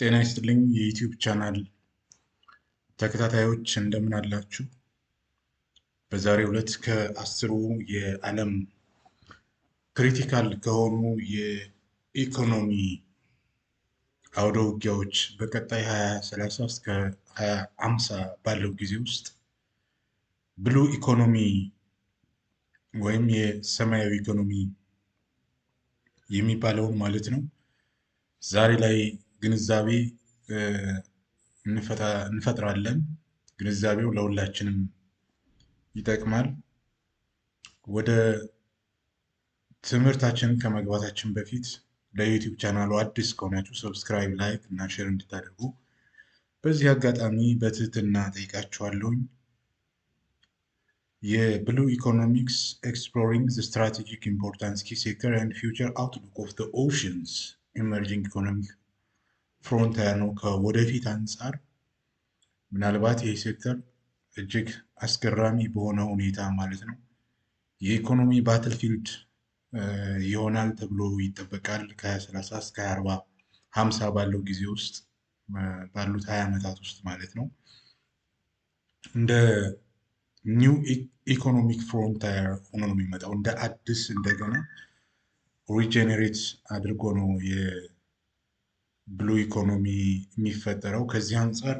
ጤና ይስጥልኝ የዩቲዩብ ቻናል ተከታታዮች እንደምን አላችሁ? በዛሬው ዕለት ከአስሩ የዓለም ክሪቲካል ከሆኑ የኢኮኖሚ አውደ ውጊያዎች በቀጣይ 2030 እስከ 2050 ባለው ጊዜ ውስጥ ብሉ ኢኮኖሚ ወይም የሰማያዊ ኢኮኖሚ የሚባለውን ማለት ነው ዛሬ ላይ ግንዛቤ እንፈጥራለን። ግንዛቤው ለሁላችንም ይጠቅማል። ወደ ትምህርታችን ከመግባታችን በፊት ለዩቲዩብ ቻናሉ አዲስ ከሆናችሁ ሰብስክራይብ፣ ላይክ እና ሼር እንድታደርጉ በዚህ አጋጣሚ በትህትና ጠይቃችኋለሁኝ። የብሉ ኢኮኖሚክስ ኤክስፕሎሪንግ ዘ ስትራቴጂክ ኢምፖርታንስ ኪ ሴክተር ኤንድ ፊውቸር አውትሉክ ኦፍ ዘ ኦሽንስ ኢመርጂንግ ኢኮኖሚክ ፍሮንት ፍሮንታየር ነው። ከወደፊት አንጻር ምናልባት ይህ ሴክተር እጅግ አስገራሚ በሆነ ሁኔታ ማለት ነው የኢኮኖሚ ባትልፊልድ ይሆናል ተብሎ ይጠበቃል። ከ30 እስከ 40 50 ባለው ጊዜ ውስጥ ባሉት 20 ዓመታት ውስጥ ማለት ነው እንደ ኒው ኢኮኖሚክ ፍሮንታየር ሆኖ ነው የሚመጣው። እንደ አዲስ እንደገና ሪጀኔሬት አድርጎ ነው ብሉ ኢኮኖሚ የሚፈጠረው። ከዚህ አንጻር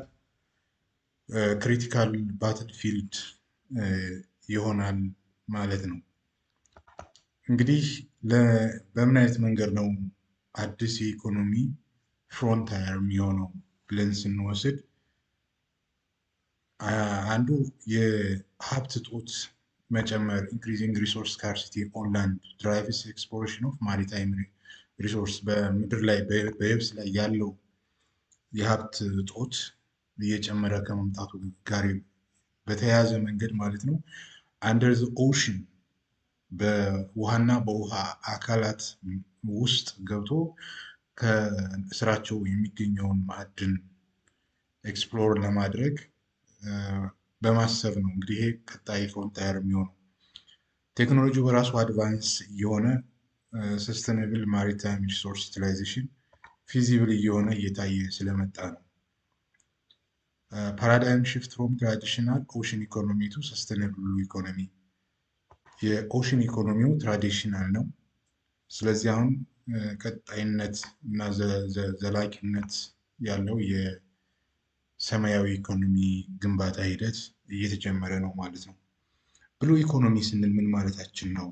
ክሪቲካል ባትል ፊልድ ይሆናል ማለት ነው። እንግዲህ በምን አይነት መንገድ ነው አዲስ የኢኮኖሚ ፍሮንታየር የሚሆነው ብለን ስንወስድ አንዱ የሀብት እጦት መጨመር ኢንክሪዚንግ ሪሶርስ ስካርሲቲ ኦንላንድ ድራይቭስ ኤክስፕሎሬሽን ኦፍ ማሪታይም ሪሶርስ በምድር ላይ በየብስ ላይ ያለው የሀብት እጦት እየጨመረ ከመምጣቱ ጋር በተያያዘ መንገድ ማለት ነው አንደር ዘ ኦሽን በውሃና በውሃ አካላት ውስጥ ገብቶ ከስራቸው የሚገኘውን ማዕድን ኤክስፕሎር ለማድረግ በማሰብ ነው። እንግዲህ ይሄ ቀጣይ ፍሮንታየር የሚሆነው ቴክኖሎጂ በራሱ አድቫንስ እየሆነ ሰስተነብል ማሪታይም ሪሶርስ ዩቲላይዜሽን ፊዚብል እየሆነ እየታየ ስለመጣ ነው። ፓራዳይም ሽፍት ፍሮም ትራዲሽናል ኦሽን ኢኮኖሚ ቱ ሰስተነብሉ ኢኮኖሚ። የኦሽን ኢኮኖሚው ትራዲሽናል ነው። ስለዚህ አሁን ቀጣይነት እና ዘላቂነት ያለው የሰማያዊ ኢኮኖሚ ግንባታ ሂደት እየተጀመረ ነው ማለት ነው። ብሉ ኢኮኖሚ ስንል ምን ማለታችን ነው?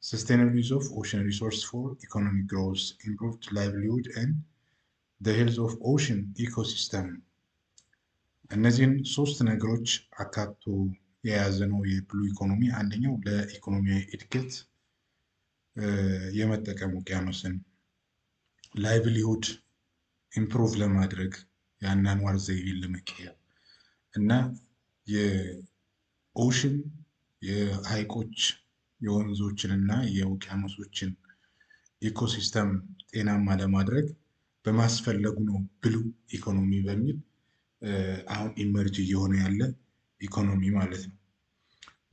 sustainable use of ocean resources for economic growth, improved livelihood and the health of ocean ኢኮሲስተም እነዚህን ሶስት ነገሮች አካቶ የያዘ ነው የብሉ ኢኮኖሚ። አንደኛው ለኢኮኖሚያዊ እድገት የመጠቀም ውቅያኖስን ላይቭሊሁድ ኢምፕሩቭ ለማድረግ የአኗኗር ዘይቤን ለመቀየር እና የኦሽን የሀይቆች የወንዞችንና የውቅያኖሶችን ኢኮሲስተም ጤናማ ለማድረግ በማስፈለጉ ነው ብሉ ኢኮኖሚ በሚል አሁን ኢመርጅ እየሆነ ያለ ኢኮኖሚ ማለት ነው።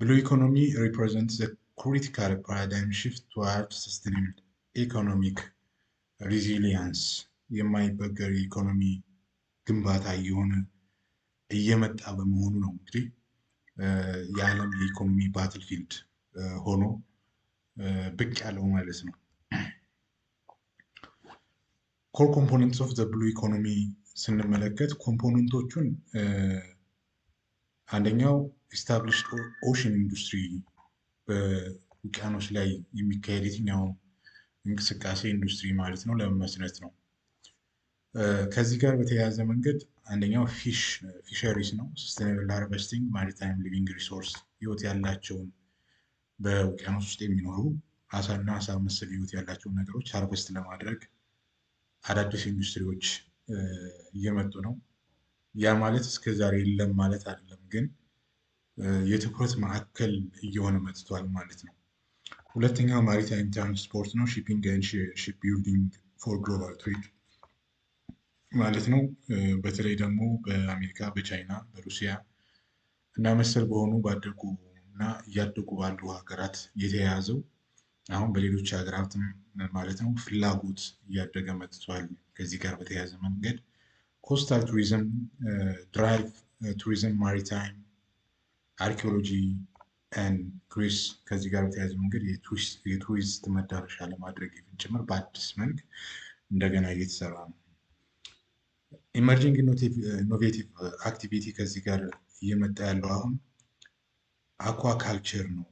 ብሉ ኢኮኖሚ ሪፕሬዘንት ዘ ክሪቲካል ፓራዳይም ሽፍት ቱዋርድ ሰስቴኔብል ኢኮኖሚክ ሪዚሊያንስ የማይበገር የኢኮኖሚ ግንባታ እየሆነ እየመጣ በመሆኑ ነው እንግዲህ የዓለም የኢኮኖሚ ባትል ፊልድ ሆኖ ብቅ ያለው ማለት ነው። ኮር ኮምፖነንትስ ኦፍ ዘ ብሉ ኢኮኖሚ ስንመለከት ኮምፖነንቶቹን አንደኛው ኢስታብሊሽድ ኦሽን ኢንዱስትሪ በውቅያኖች ላይ የሚካሄድ የትኛው እንቅስቃሴ ኢንዱስትሪ ማለት ነው ለመመስረት ነው። ከዚህ ጋር በተያያዘ መንገድ አንደኛው ፊሽ ፊሸሪስ ነው። ስስቴናብል ሃርቨስቲንግ ማሪታይም ሊቪንግ ሪሶርስ ህይወት ያላቸውን በውቅያኖስ ውስጥ የሚኖሩ አሳና አሳ መሰል ህይወት ያላቸውን ነገሮች ሀርቨስት ለማድረግ አዳዲስ ኢንዱስትሪዎች እየመጡ ነው። ያ ማለት እስከዛሬ የለም ማለት አይደለም፣ ግን የትኩረት ማዕከል እየሆነ መጥቷል ማለት ነው። ሁለተኛው ማሪታይም ትራንስፖርት ነው፣ ሺፒንግ ኤንድ ሺፕ ቢልዲንግ ፎር ግሎባል ትሬድ ማለት ነው። በተለይ ደግሞ በአሜሪካ፣ በቻይና፣ በሩሲያ እና መሰል በሆኑ ባደጉ እና እያደጉ ባሉ ሀገራት የተያያዘው አሁን በሌሎች ሀገራትም ማለት ነው ፍላጎት እያደገ መጥቷል። ከዚህ ጋር በተያያዘ መንገድ ኮስታል ቱሪዝም፣ ድራይቭ ቱሪዝም፣ ማሪታይም አርኪኦሎጂ ግሪስ ከዚህ ጋር በተያያዘ መንገድ የቱሪስት መዳረሻ ለማድረግ ጭምር በአዲስ መልክ እንደገና እየተሰራ ነው። ኢመርጂንግ ኢኖቬቲቭ አክቲቪቲ ከዚህ ጋር እየመጣ ያለው አሁን አኳካልቸር ነው።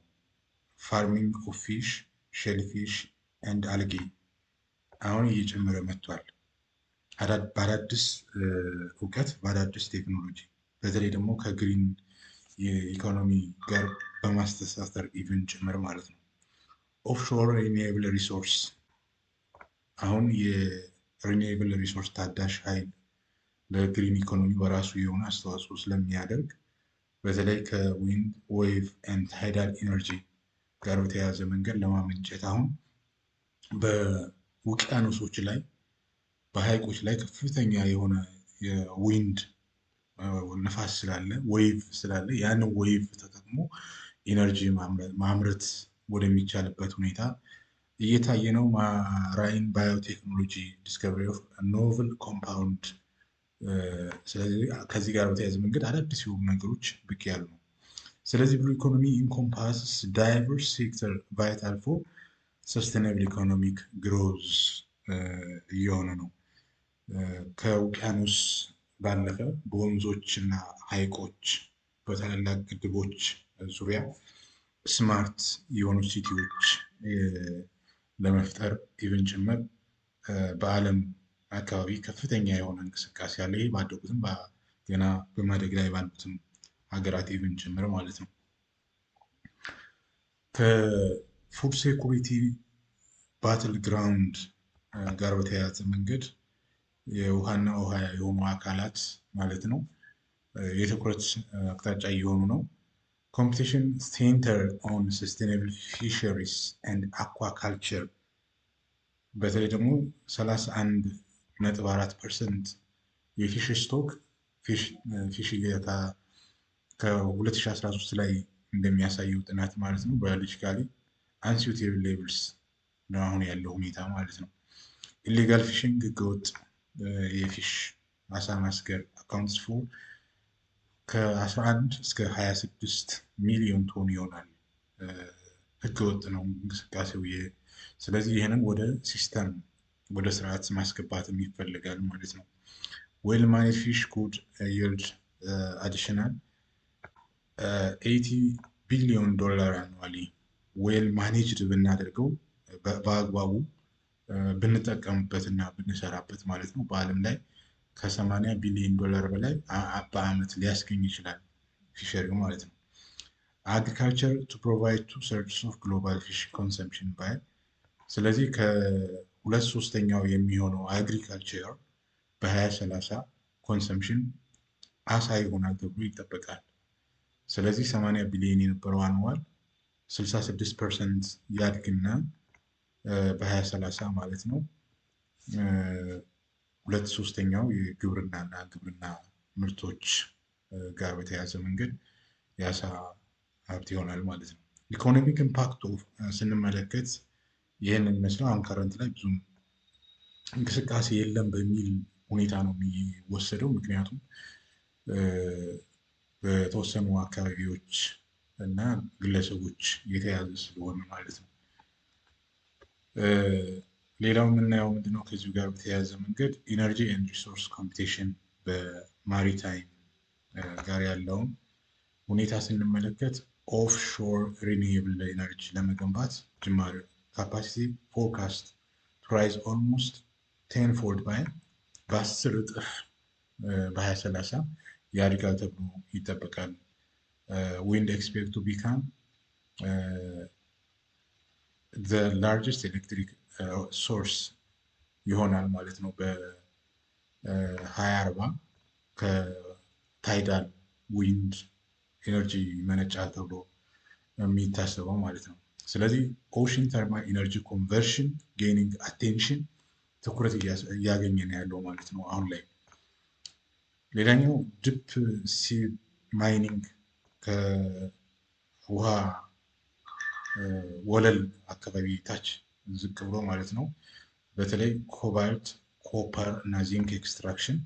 ፋርሚንግ ኦፍ ፊሽ ሼልፊሽ ኤንድ አልጌ አሁን እየጨመረ መጥቷል። በአዳዲስ እውቀት በአዳዲስ ቴክኖሎጂ በተለይ ደግሞ ከግሪን የኢኮኖሚ ጋር በማስተሳሰር ኢቨን ጭምር ማለት ነው። ኦፍሾር ሪኒብል ሪሶርስ አሁን የሪኒብል ሪሶርስ ታዳሽ ኃይል ለግሪን ኢኮኖሚ በራሱ የሆነ አስተዋጽኦ ስለሚያደርግ በተለይ ከዊንድ ዌቭ ኤንድ ታይዳል ኢነርጂ ጋር በተያያዘ መንገድ ለማመንጨት አሁን በውቅያኖሶች ላይ በሀይቆች ላይ ከፍተኛ የሆነ የዊንድ ነፋስ ስላለ ወይቭ ስላለ ያን ወይቭ ተጠቅሞ ኢነርጂ ማምረት ወደሚቻልበት ሁኔታ እየታየ ነው። ማራይን ባዮቴክኖሎጂ ዲስከቨሪ ኦፍ ኖቨል ኮምፓውንድ ስለዚህ ከዚህ ጋር በተያያዘ መንገድ አዳዲስ የሆኑ ነገሮች ብቅ ያሉ ነው። ስለዚህ ብሉ ኢኮኖሚ ኢንኮምፓስስ ዳይቨርስ ሴክተር ባየት አልፎ ሰስቴናብል ኢኮኖሚክ ግሮዝ እየሆነ ነው። ከውቅያኖስ ባለፈ በወንዞች እና ሐይቆች በታላላቅ ግድቦች ዙሪያ ስማርት የሆኑ ሲቲዎች ለመፍጠር ኢቨን ጭምር በዓለም አካባቢ ከፍተኛ የሆነ እንቅስቃሴ አለ። ይህ ባደጉትም ገና በማደግ ላይ ባሉትም ሀገራት ኢቭን ጭምር ማለት ነው። ከፉድ ሴኩሪቲ ባትል ግራውንድ ጋር በተያያዘ መንገድ የውሃና ውሃ የሆኑ አካላት ማለት ነው የትኩረት አቅጣጫ እየሆኑ ነው። ኮምፒቲሽን ሴንተር ኦን ስስቴናብል ፊሸሪስ ኤንድ አኳካልቸር በተለይ ደግሞ ሰላሳ አንድ ነጥብ አራት ፐርሰንት የፊሽ ስቶክ ፊሽ ገታ ከ2013 ላይ እንደሚያሳየው ጥናት ማለት ነው ባዮሎጂካሊ አንሱቴብል ሌቭልስ ነው አሁን ያለው ሁኔታ ማለት ነው። ኢሌጋል ፊሽንግ ህገወጥ የፊሽ አሳ ማስገር አካውንትስ ፎር ከ11 እስከ 26 ሚሊዮን ቶን ይሆናል። ህገወጥ ነው እንቅስቃሴው። ስለዚህ ይህንን ወደ ሲስተም ወደ ስርዓት ማስገባትም ይፈልጋል ማለት ነው። ዌል ማኔጅ ፊሽ ኩድ ይልድ አዲሽናል ኤቲ ቢሊዮን ዶላር አኗዋሊ ዌል ማኔጅድ ብናደርገው uh, በአግባቡ uh, ብንጠቀምበት እና ብንሰራበት ማለት ነው በዓለም ላይ ከ ቢሊዮን ዶላር በላይ በአመት ሊያስገኝ ይችላል ፊሸሪው ማለት ነው። አግሪካልቸር ቱ ፕሮቫይድ ቱ ሰርድስ ኦፍ ግሎባል ፊሽ ኮንሰምፕሽን ባይ ስለዚህ ሁለት ሶስተኛው የሚሆነው አግሪካልቸር በ2030 ኮንሰምሽን አሳ ይሆናል ተብሎ ይጠበቃል። ስለዚህ 80 ቢሊዮን የነበረው አኑዋል 66 ፐርሰንት ያድግና በ2030 ማለት ነው ሁለት ሶስተኛው የግብርናና ግብርና ምርቶች ጋር በተያያዘ መንገድ የአሳ ሀብት ይሆናል ማለት ነው። ኢኮኖሚክ ኢምፓክት ስንመለከት ይህን የሚመስለው አሁን ከረንት ላይ ብዙም እንቅስቃሴ የለም በሚል ሁኔታ ነው የሚወሰደው። ምክንያቱም በተወሰኑ አካባቢዎች እና ግለሰቦች የተያዘ ስለሆነ ማለት ነው። ሌላው የምናየው ምንድነው ከዚሁ ጋር በተያያዘ መንገድ ኢነርጂ ኤንድ ሪሶርስ ኮምፒቴሽን በማሪታይም ጋር ያለውን ሁኔታ ስንመለከት ኦፍሾር ሪኒዌብል ኢነርጂ ለመገንባት ጅማሬ ካፓሲቲ ፎርካስት ቱ ራይዝ ኦልሞስት ቴን ፎልድ በአስር እጥፍ በሀያ ሰላሳ ያድጋል ተብሎ ይጠበቃል። ዊንድ ኤክስፔክት ቱ ቢካም ዘ ላርጀስት ኤሌክትሪክ ሶርስ ይሆናል ማለት ነው በሀያ አርባ ከታይዳል ዊንድ ኤነርጂ መነጫ ተብሎ የሚታሰበው ማለት ነው። ስለዚህ ኦሽን ተርማል ኢነርጂ ኮንቨርሽን ጌኒንግ አቴንሽን ትኩረት እያገኘ ነው ያለው ማለት ነው አሁን ላይ። ሌላኛው ዲፕ ሲ ማይኒንግ ከውሃ ወለል አካባቢ ታች ዝቅ ብሎ ማለት ነው። በተለይ ኮባልት፣ ኮፐር እና ዚንክ ኤክስትራክሽን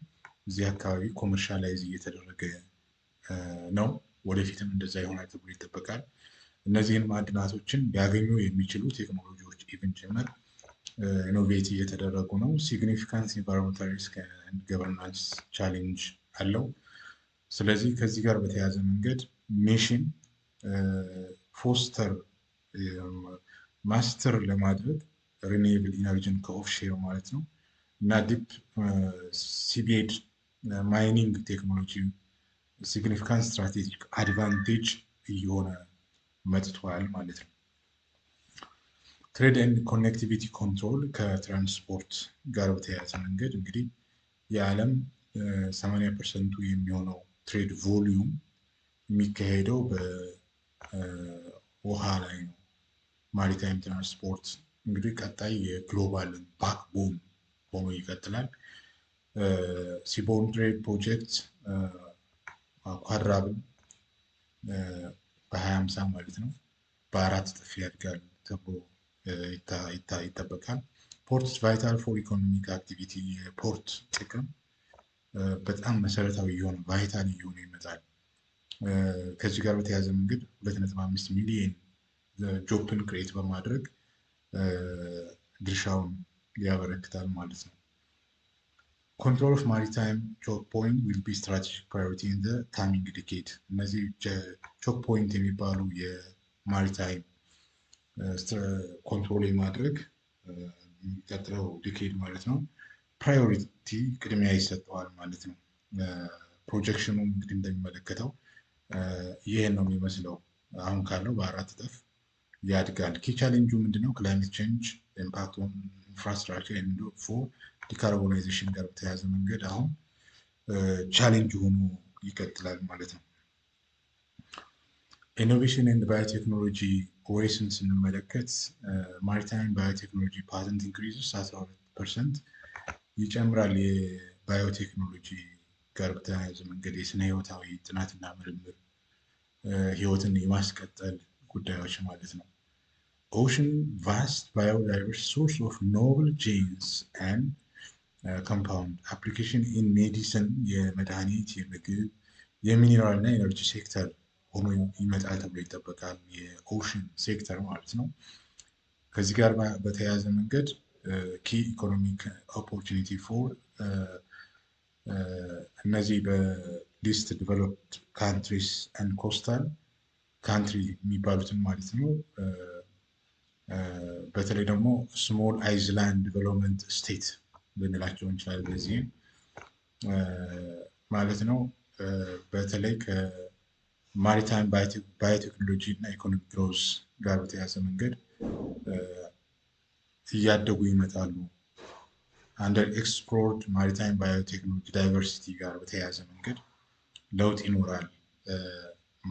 እዚህ አካባቢ ኮመርሻላይዝ እየተደረገ ነው። ወደፊትም እንደዛ ይሆናል ተብሎ ይጠበቃል። እነዚህን ማዕድናቶችን ሊያገኙ የሚችሉ ቴክኖሎጂዎች ኢቭን ጭምር uh, ኢኖቬቲ እየተደረጉ ነው። ሲግኒፊካንስ ኢንቫይሮንመንታል ሪስክ ኤንድ ገቨርናንስ ቻሌንጅ አለው። ስለዚህ ከዚህ ጋር በተያያዘ መንገድ ሚሽን ፎስተር ማስተር ለማድረግ ሪኒብል ኢነርጂን ከኦፍሼር ማለት ነው እና ዲፕ ሲቤድ ማይኒንግ ቴክኖሎጂ ሲግኒፊካንት ስትራቴጂክ አድቫንቴጅ እየሆነ መጥቷል ማለት ነው። ትሬድ ኤንድ ኮኔክቲቪቲ ኮንትሮል ከትራንስፖርት ጋር በተያያዘ መንገድ እንግዲህ የዓለም 80 ፐርሰንቱ የሚሆነው ትሬድ ቮሊዩም የሚካሄደው በውሃ ላይ ነው። ማሪታይም ትራንስፖርት እንግዲህ ቀጣይ የግሎባል ባክቦን ሆኖ ይቀጥላል። ሲቦርን ትሬድ ፕሮጀክት አኳራብን በሀያ ሃምሳ ማለት ነው በአራት እጥፍ ያድጋል ተብሎ ይጠበቃል። ፖርት ቫይታል ፎር ኢኮኖሚክ አክቲቪቲ የፖርት ጥቅም በጣም መሰረታዊ የሆነ ቫይታል እየሆነ ይመጣል። ከዚህ ጋር በተያያዘ መንገድ ሁለት ነጥብ አምስት ሚሊየን ጆብን ክሬት በማድረግ ድርሻውን ያበረክታል ማለት ነው። ኮንትሮል ኦፍ ማሪታይም ቾክ ፖይንት ዊል be strategic priority in the coming decade። እነዚህ ቾክ ፖይንት የሚባሉ የማሪታይም ኮንትሮል የማድረግ የሚቀጥለው ዲኬድ ማለት ነው ፕራዮሪቲ ቅድሚያ ይሰጠዋል ማለት ነው። ፕሮጀክሽኑ እንግዲህ እንደሚመለከተው ይህን ነው የሚመስለው። አሁን ካለው በአራት እጥፍ ያድጋል። ኪ ቻሌንጁ ምንድነው? ክላይሜት ቼንጅ ኢምፓክት ኢንፍራስትራክቸር ዲካርቦናይዜሽን ጋር በተያያዘ መንገድ አሁን ቻሌንጅ ሆኖ ይቀጥላል ማለት ነው። ኢኖቬሽን ኤንድ ባዮቴክኖሎጂ ኦኤስን ስንመለከት ማሪታይም ባዮቴክኖሎጂ ፓተንት ኢንክሪዝ 12 ፐርሰንት ይጨምራል። የባዮቴክኖሎጂ ጋር በተያያዘ መንገድ የስነ ህይወታዊ ጥናትና ምርምር ህይወትን የማስቀጠል ጉዳዮች ማለት ነው። ኦሽን ቫስት ባዮዳይቨርስ ሶርስ ኦፍ ኖብል ጄንስ ኮምፓውንድ አፕሊኬሽን ኢን ሜዲሲን የመድኃኒት የምግብ የሚኒራል እና ኤነርጂ ሴክተር ሆኖ ይመጣል ተብሎ ይጠበቃል። የኦሽን ሴክተር ማለት ነው። ከዚህ ጋር በተያያዘ መንገድ ኪ ኢኮኖሚክ ኦፖርቹኒቲ ፎር እነዚህ በሊስት ዲቨሎፕድ ካንትሪስ አንድ ኮስታል ካንትሪ የሚባሉትን ማለት ነው። በተለይ ደግሞ ስሞል አይዝላንድ ዲቨሎፕመንት ስቴት ልንላቸው እንችላለን። እዚህም ማለት ነው በተለይ ከማሪታይም ባዮቴክኖሎጂ እና ኢኮኖሚ ግሮዝ ጋር በተያያዘ መንገድ እያደጉ ይመጣሉ። አንደር ኤክስፕሎርድ ማሪታይም ባዮቴክኖሎጂ ዳይቨርሲቲ ጋር በተያያዘ መንገድ ለውጥ ይኖራል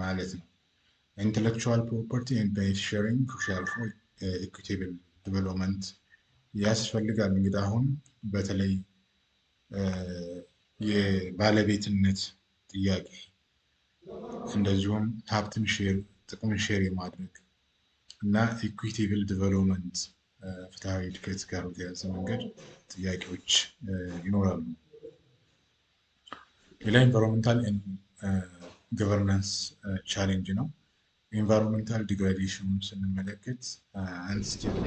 ማለት ነው። ኢንቴሌክቹዋል ፕሮፐርቲ ሼሪንግ ክሩሻል ኢኩቴብል ዲቨሎፕመንት ያስፈልጋል እንግዲህ አሁን በተለይ የባለቤትነት ጥያቄ እንደዚሁም ሀብትን ሼር ጥቅምን ሼር የማድረግ እና ኢኩዊቴብል ዲቨሎፕመንት ፍትሐዊ እድገት ጋር በተያያዘ መንገድ ጥያቄዎች ይኖራሉ። ሌላ ኢንቫይሮንመንታል ገቨርናንስ ቻሌንጅ ነው። ኢንቫይሮንመንታል ዲግራዴሽኑን ስንመለከት አንስቴብል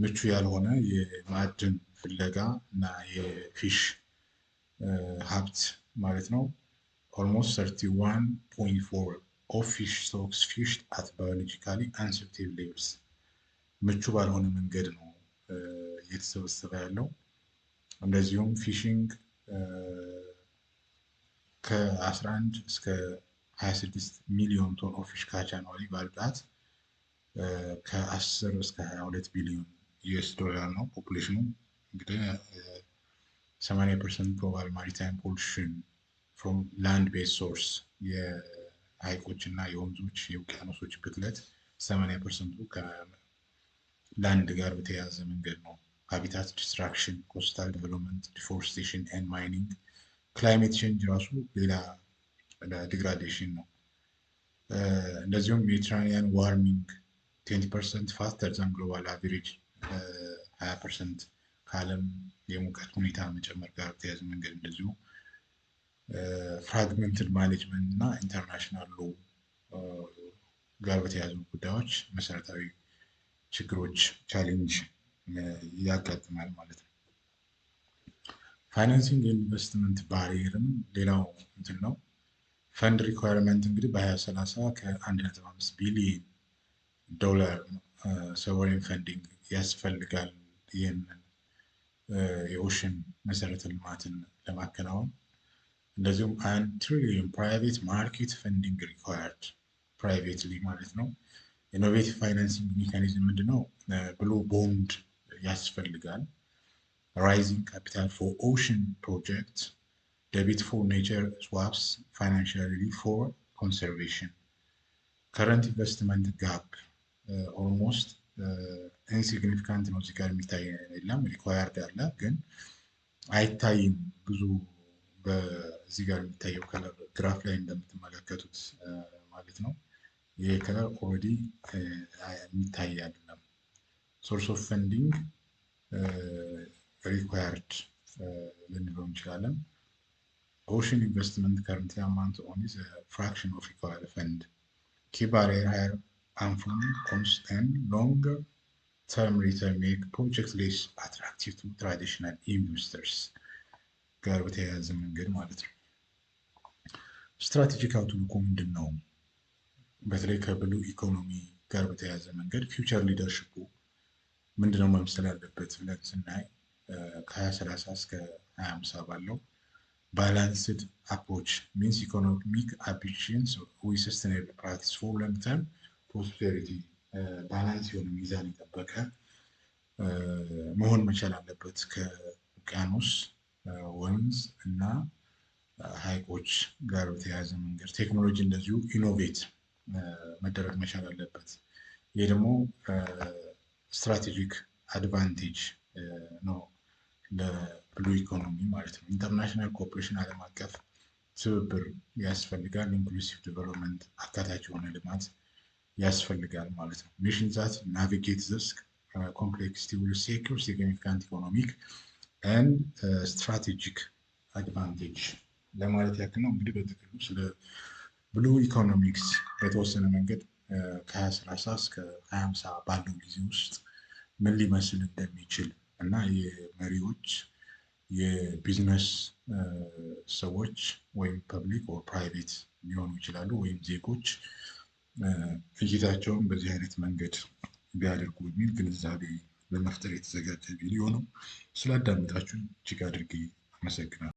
ምቹ ያልሆነ የማዕድን ፍለጋ እና የፊሽ ሀብት ማለት ነው። ኦልሞስት ሰርቲ ዋን ኦፍ ፊሽ ስቶክስ አት ባዮሎጂካሊ ሌቭልስ ምቹ ባልሆነ መንገድ ነው እየተሰበሰበ ያለው። እንደዚሁም ፊሽንግ ከ11 እስከ 26 ሚሊዮን ቶን ኦፍ ፊሽ ካች ባልጣት ከ10 እስከ 22 ቢሊዮን ዩኤስ ዶላር ነው። ፖፑሌሽኑ እንግዲህ ሰማንያ ፐርሰንት ግሎባል ማሪታይም ፖሉሽን ፍሮም ላንድ ቤዝ ሶርስ የሀይቆች እና የወንዞች የውቅያኖሶች ብክለት 8 ፐርሰንቱ ከላንድ ጋር በተያያዘ መንገድ ነው። ሀቢታት ዲስትራክሽን፣ ኮስታል ዴቨሎፕመንት፣ ዲፎርስቴሽን ኤንድ ማይኒንግ። ክላይሜት ቼንጅ ራሱ ሌላ ዲግራዴሽን ነው። እንደዚሁም ሜዲትራኒያን ዋርሚንግ 20% ፋስተር ዘን ግሎባል አቨሬጅ 20% ከዓለም የሙቀት ሁኔታ መጨመር ጋር ተያያዘ መንገድ እንደዚሁ ፍራግመንትድ uh, ማኔጅመንት እና ኢንተርናሽናል ሎ uh, ጋር በተያያዙ ጉዳዮች መሰረታዊ ችግሮች ቻሌንጅ uh, ያጋጥማል ማለት ነው። ፋይናንሲንግ ኢንቨስትመንት ባሪየርም ሌላው እንትን ነው። ፈንድ ሪኳየርመንት እንግዲህ በ2030 ከ1.5 ቢሊየን ዶላር ሰቨሬን ፈንዲንግ ያስፈልጋል። ይህንን የኦሽን መሰረተ ልማትን ለማከናወን እንደዚሁም አንድ ትሪሊዮን ፕራይቬት ማርኬት ፈንዲንግ ሪኳየርድ ፕራይቬትሊ ማለት ነው። ኢኖቬቲቭ ፋይናንሲንግ ሜካኒዝም ምንድነው? ብሉ ቦንድ ያስፈልጋል። ራይዚንግ ካፒታል ፎር ኦሽን ፕሮጀክት ደቢት ፎር ኔቸር ስዋፕስ ፋይናንሽል ሪሊፍ ፎር ኮንሰርቬሽን ከረንት ኢንቨስትመንት ጋፕ ኦልሞስት ኢንሲግኒፊካንት ነው። እዚህ ጋር የሚታይ የለም። ሪኳየርድ አለ ግን አይታይም ብዙ በዚህ ጋር የሚታየው ከለር ግራፍ ላይ እንደምትመለከቱት uh, ማለት ነው። ይሄ ከለር ኦልሬዲ uh, የሚታይ አይደለም። ሶርስ ኦፍ ፈንዲንግ ሪኳየርድ ልንለው እንችላለን። ኦሽን ኢንቨስትመንት ከረንት አማንት ኦን ፍራክሽን ኦፍ ሪኳየርድ ፈንድ ኪ ባሪየር ሃየር Anfang comes an long-term return make project less attractive to traditional investors ጋር በተያያዘ መንገድ ማለት ነው። ስትራቴጂክ አውትሉኩ ምንድን ነው? በተለይ ከብሉ ኢኮኖሚ ጋር በተያያዘ መንገድ ፊውቸር ሊደርሽፑ ምንድነው መምሰል ያለበት ብለን ስናይ ከሀያ ሰላሳ እስከ ሀያ አምሳ ባለው ባላንስድ አፕሮች ሚንስ ኢኮኖሚክ አምቢሽንስ ዊ ሰስቴናብል ፕራክቲስ ፎር ለንግ ተርም ፕሮስፔሪቲ ባላንስ የሆነ ሚዛን የጠበቀ መሆን መቻል አለበት። ከውቅያኖስ ወንዝ እና ሀይቆች ጋር በተያያዘ መንገድ ቴክኖሎጂ እንደዚሁ ኢኖቬት መደረግ መቻል አለበት። ይህ ደግሞ ስትራቴጂክ አድቫንቴጅ ነው ለብሉ ኢኮኖሚ ማለት ነው። ኢንተርናሽናል ኮኦፕሬሽን ዓለም አቀፍ ትብብር ያስፈልጋል። ኢንክሉሲቭ ዲቨሎፕመንት አካታች የሆነ ልማት ያስፈልጋል ማለት ነው። ሚሽን ዛት ናቪጌት ዘስ ኮምፕሌክሲቲ ዊል ሴኪር ሲግኒፊካንት ኢኮኖሚክ ኤንድ ስትራቴጂክ አድቫንቴጅ ለማለት ያክል ነው። እንግዲህ በጥቅሉ ስለ ብሉ ኢኮኖሚክስ በተወሰነ መንገድ uh, ከ2030 እስከ 2050 ባለው ጊዜ ውስጥ ምን ሊመስል እንደሚችል እና የመሪዎች የቢዝነስ uh, ሰዎች ወይም ፐብሊክ ኦር ፕራይቬት ሊሆኑ ይችላሉ ወይም ዜጎች እይታቸውን በዚህ አይነት መንገድ ቢያደርጉ የሚል ግንዛቤ ለመፍጠር የተዘጋጀ ቪዲዮ ነው። ስላዳመጣችሁን እጅግ አድርጌ አመሰግናለሁ።